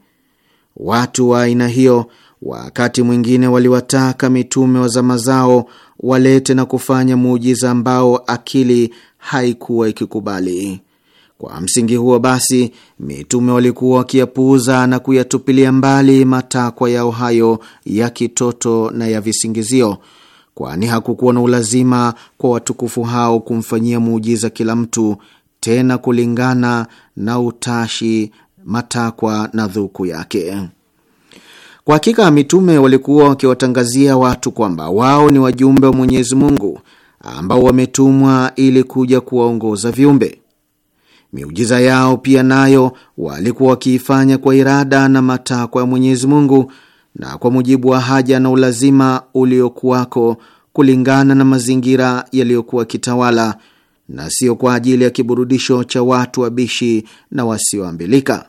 Watu wa aina hiyo wakati mwingine waliwataka mitume wa zama zao walete na kufanya muujiza ambao akili haikuwa ikikubali. Kwa msingi huo basi, mitume walikuwa wakiyapuuza na kuyatupilia mbali matakwa yao hayo ya kitoto na ya visingizio, kwani hakukuwa na ulazima kwa watukufu hao kumfanyia muujiza kila mtu, tena kulingana na utashi, matakwa na dhuku yake. Kwa hakika mitume walikuwa wakiwatangazia watu kwamba wao ni wajumbe wa Mwenyezi Mungu ambao wametumwa ili kuja kuwaongoza viumbe. Miujiza yao pia nayo walikuwa wakiifanya kwa irada na matakwa ya Mwenyezi Mungu na kwa mujibu wa haja na ulazima uliokuwako kulingana na mazingira yaliyokuwa kitawala na sio kwa ajili ya kiburudisho cha watu wabishi na wasioambilika.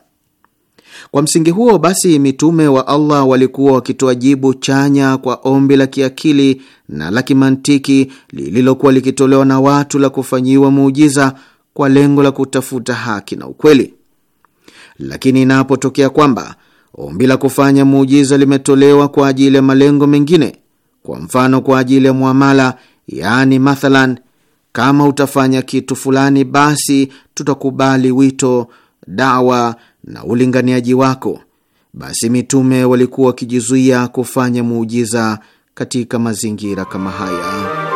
Kwa msingi huo basi, mitume wa Allah walikuwa wakitoa jibu chanya kwa ombi la kiakili na la kimantiki lililokuwa likitolewa na watu la kufanyiwa muujiza kwa lengo la kutafuta haki na ukweli. Lakini inapotokea kwamba ombi la kufanya muujiza limetolewa kwa ajili ya malengo mengine, kwa mfano kwa ajili ya muamala, yaani mathalan, kama utafanya kitu fulani, basi tutakubali wito, dawa na ulinganiaji wako, basi mitume walikuwa wakijizuia kufanya muujiza katika mazingira kama haya.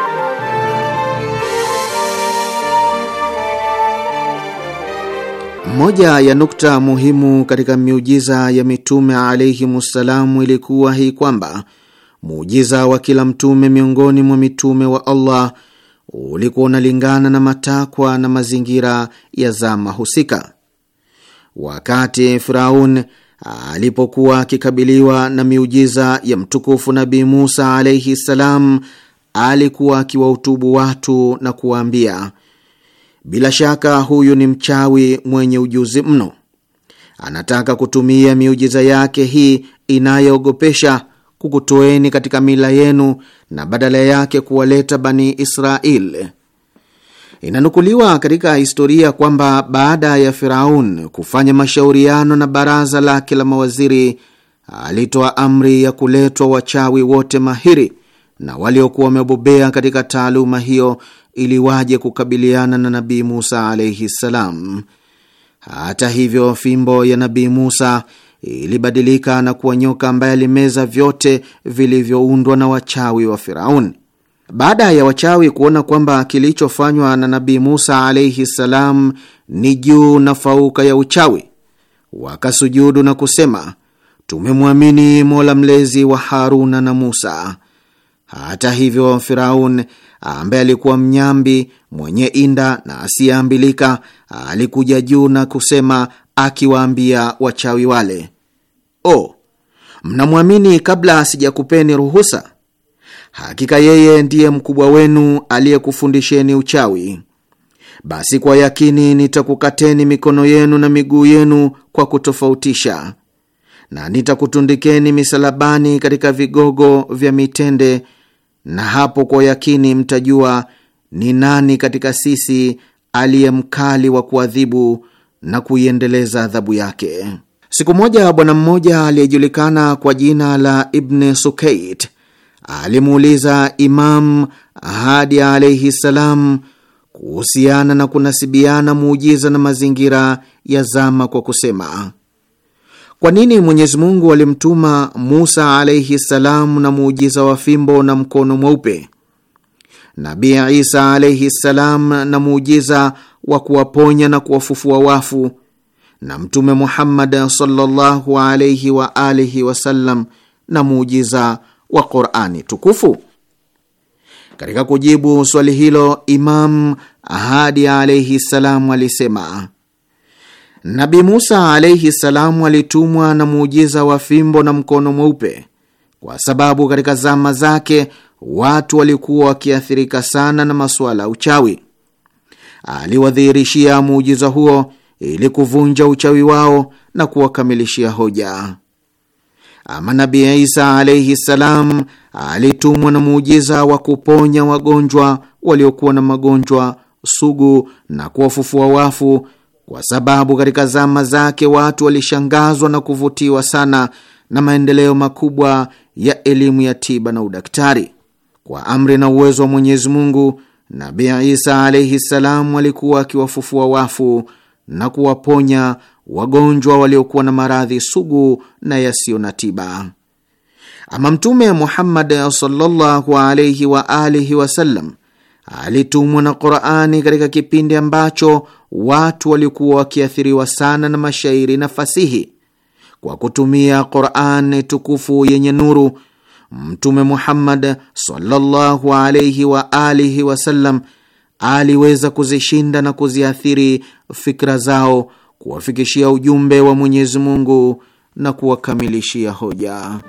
Moja ya nukta muhimu katika miujiza ya mitume alaihimussalamu ilikuwa hii kwamba muujiza wa kila mtume miongoni mwa mitume wa Allah ulikuwa unalingana na matakwa na mazingira ya zama husika. Wakati Firaun alipokuwa akikabiliwa na miujiza ya mtukufu Nabii Musa alaihi ssalam, alikuwa akiwahutubu watu na kuwaambia bila shaka huyu ni mchawi mwenye ujuzi mno, anataka kutumia miujiza yake hii inayoogopesha kukutoeni katika mila yenu na badala yake kuwaleta Bani Israel. Inanukuliwa katika historia kwamba baada ya Firaun kufanya mashauriano na baraza lake la mawaziri, alitoa amri ya kuletwa wachawi wote mahiri na waliokuwa wamebobea katika taaluma hiyo ili waje kukabiliana na Nabii Musa alaihi ssalam. Hata hivyo, fimbo ya Nabii Musa ilibadilika na kuwa nyoka ambaye alimeza vyote vilivyoundwa na wachawi wa Firauni. Baada ya wachawi kuona kwamba kilichofanywa na Nabii Musa alaihi ssalam ni juu na fauka ya uchawi, wakasujudu na kusema, tumemwamini Mola mlezi wa Haruna na Musa hata hivyo, Firaun ambaye alikuwa mnyambi mwenye inda na asiyeambilika alikuja juu na kusema, akiwaambia wachawi wale, oh, mnamwamini kabla sijakupeni ruhusa? Hakika yeye ndiye mkubwa wenu aliyekufundisheni uchawi. Basi kwa yakini nitakukateni mikono yenu na miguu yenu kwa kutofautisha, na nitakutundikeni misalabani katika vigogo vya mitende na hapo kwa yakini mtajua ni nani katika sisi aliye mkali wa kuadhibu na kuiendeleza adhabu yake. Siku moja bwana mmoja aliyejulikana kwa jina la Ibn Sukait alimuuliza Imam Hadi alaihi salam kuhusiana na kunasibiana muujiza na mazingira ya zama kwa kusema kwa nini Mwenyezi Mungu alimtuma Musa alaihi ssalam na muujiza wa fimbo na mkono mweupe, Nabii Isa alaihi ssalam na muujiza wa kuwaponya na kuwafufua wafu, na Mtume Muhammad sallallahu alaihi wa alihi wasallam na muujiza wa Qurani tukufu? Katika kujibu swali hilo, Imam ahadi alaihi ssalam alisema Nabi Musa alaihi salamu alitumwa na muujiza wa fimbo na mkono mweupe, kwa sababu katika zama zake watu walikuwa wakiathirika sana na masuala ya uchawi. Aliwadhihirishia muujiza huo ili kuvunja uchawi wao na kuwakamilishia hoja. Ama Nabi Isa alaihi salam alitumwa na muujiza wa kuponya wagonjwa waliokuwa na magonjwa sugu na kuwafufua wafu kwa sababu katika zama zake watu walishangazwa na kuvutiwa sana na maendeleo makubwa ya elimu ya tiba na udaktari. Kwa amri na uwezo wa Mwenyezi Mungu, Nabii Isa alaihi salamu alikuwa akiwafufua wafu na kuwaponya wagonjwa waliokuwa na maradhi sugu na yasiyo na tiba. Ama Mtume Muhammad sallallahu alaihi wa alihi wasallam alitumwa na Qurani katika kipindi ambacho watu walikuwa wakiathiriwa sana na mashairi na fasihi. Kwa kutumia Qurani tukufu yenye nuru, Mtume Muhammad sallallahu alaihi wa alihi wasallam aliweza kuzishinda na kuziathiri fikra zao, kuwafikishia ujumbe wa Mwenyezi Mungu na kuwakamilishia hoja.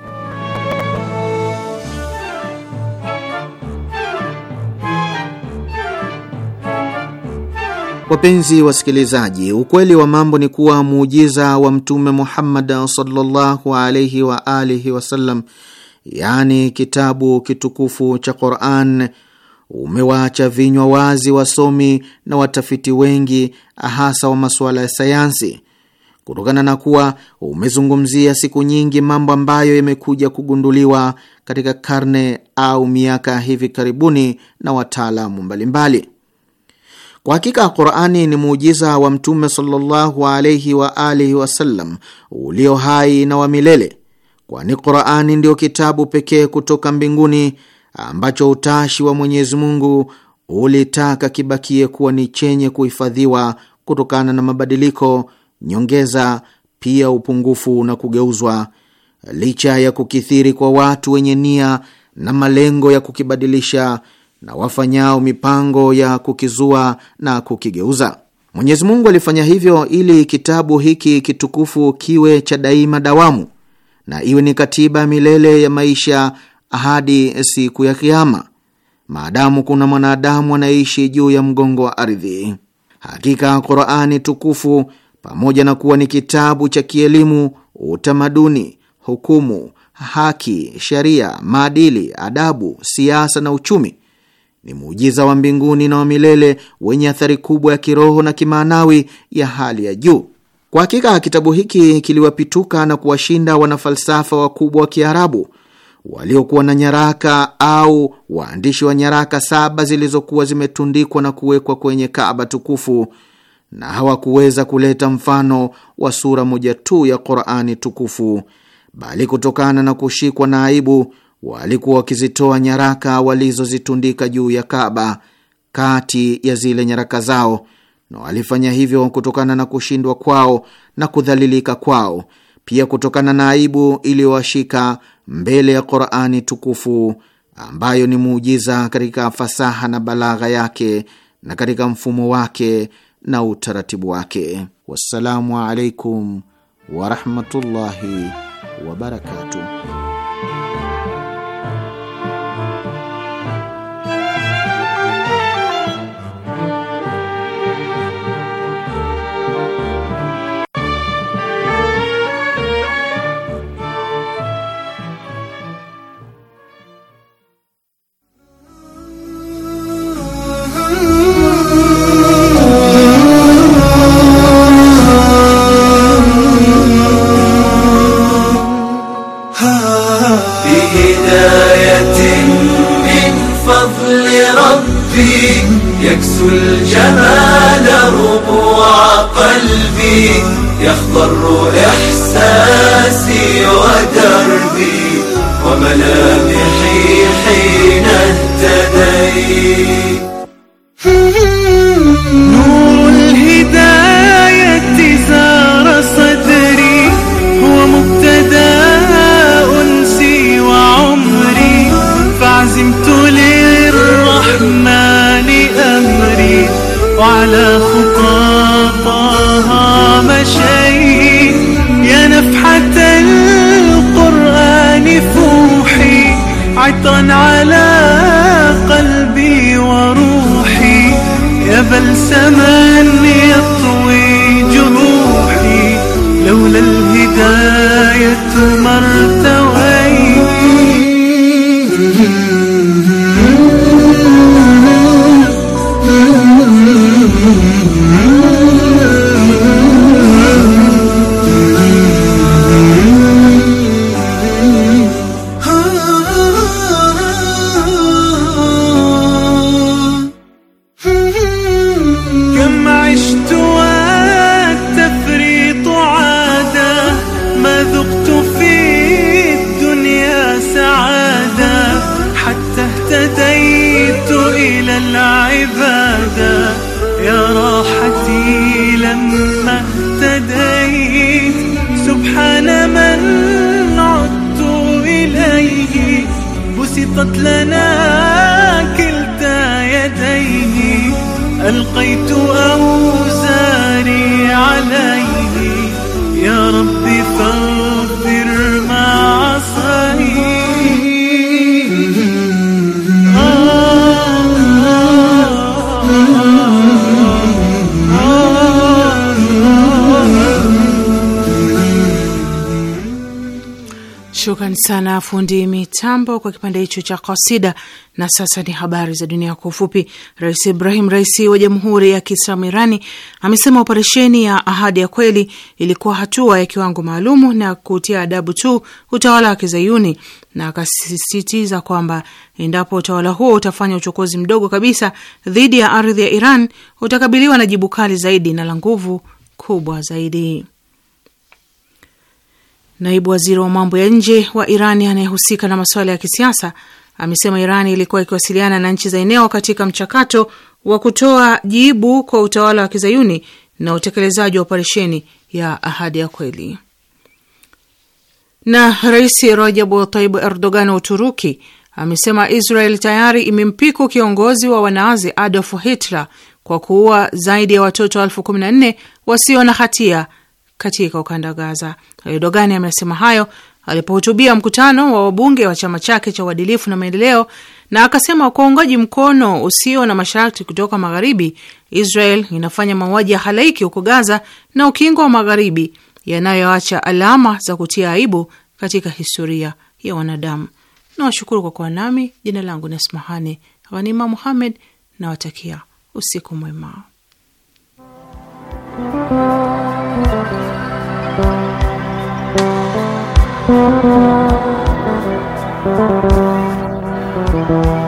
Wapenzi wasikilizaji, ukweli wa mambo ni kuwa muujiza wa Mtume Muhammad sallallahu alaihi wa alihi wasallam, yaani kitabu kitukufu cha Quran umewaacha vinywa wazi wasomi na watafiti wengi, hasa wa masuala ya sayansi, kutokana na kuwa umezungumzia siku nyingi mambo ambayo yamekuja kugunduliwa katika karne au miaka hivi karibuni na wataalamu mbalimbali. Kwa hakika Qurani ni muujiza wa Mtume sallallahu alaihi wa alihi wasallam ulio hai na wa milele, kwani Qurani ndio kitabu pekee kutoka mbinguni ambacho utashi wa Mwenyezi Mungu ulitaka kibakie kuwa ni chenye kuhifadhiwa kutokana na mabadiliko, nyongeza, pia upungufu na kugeuzwa, licha ya kukithiri kwa watu wenye nia na malengo ya kukibadilisha na wafanyao mipango ya kukizua na kukigeuza. Mwenyezi Mungu alifanya hivyo ili kitabu hiki kitukufu kiwe cha daima dawamu na iwe ni katiba milele ya maisha hadi siku ya Kiama, maadamu kuna mwanadamu anayeishi juu ya mgongo wa ardhi. Hakika Qurani tukufu pamoja na kuwa ni kitabu cha kielimu, utamaduni, hukumu, haki, sheria, maadili, adabu, siasa na uchumi ni muujiza wa mbinguni na wa milele wenye athari kubwa ya kiroho na kimaanawi ya hali ya juu. Kwa hakika kitabu hiki kiliwapituka na kuwashinda wanafalsafa wakubwa wa Kiarabu waliokuwa na nyaraka au waandishi wa nyaraka saba zilizokuwa zimetundikwa na kuwekwa kwenye Kaaba tukufu na hawakuweza kuleta mfano wa sura moja tu ya Qur'ani tukufu, bali kutokana na kushikwa na aibu walikuwa wakizitoa nyaraka walizozitundika juu ya Kaaba kati ya zile nyaraka zao, na walifanya hivyo kutokana na kushindwa kwao na kudhalilika kwao, pia kutokana na aibu iliyowashika mbele ya Qurani tukufu ambayo ni muujiza katika fasaha na balagha yake na katika mfumo wake na utaratibu wake. Wassalamu alaikum warahmatullahi wabarakatuh. fundi mitambo kwa kipande hicho cha kasida. Na sasa ni habari za dunia kwa ufupi. Rais Ibrahim Raisi wa Jamhuri ya Kiislamu Irani amesema operesheni ya Ahadi ya Kweli ilikuwa hatua ya kiwango maalumu na kutia adabu tu utawala wa Kizayuni, na akasisitiza kwamba endapo utawala huo utafanya uchokozi mdogo kabisa dhidi ya ardhi ya Iran utakabiliwa na jibu kali zaidi na la nguvu kubwa zaidi. Naibu waziri wa mambo ya nje wa Irani anayehusika na masuala ya kisiasa amesema Irani ilikuwa ikiwasiliana na nchi za eneo katika mchakato wa kutoa jibu kwa utawala wa kizayuni na utekelezaji wa operesheni ya ahadi ya kweli. Na Rais Rajabu taib Erdogan wa Uturuki amesema Israel tayari imempiku kiongozi wa wanazi Adolf Hitler kwa kuua zaidi ya watoto elfu kumi na nne wasio na hatia katika ukanda wa Gaza. Erdogan amesema hayo alipohutubia mkutano wa wabunge wa chama chake cha uadilifu na maendeleo, na akasema kwa uungaji mkono usio na masharti kutoka magharibi, Israel inafanya mauaji ya halaiki huko Gaza na ukingo wa magharibi yanayoacha alama za kutia aibu katika historia ya wanadamu. Nawashukuru kwa kuwa nami. Jina langu ni Asmahani Ghanima Muhammed, nawatakia usiku mwema. Thank you.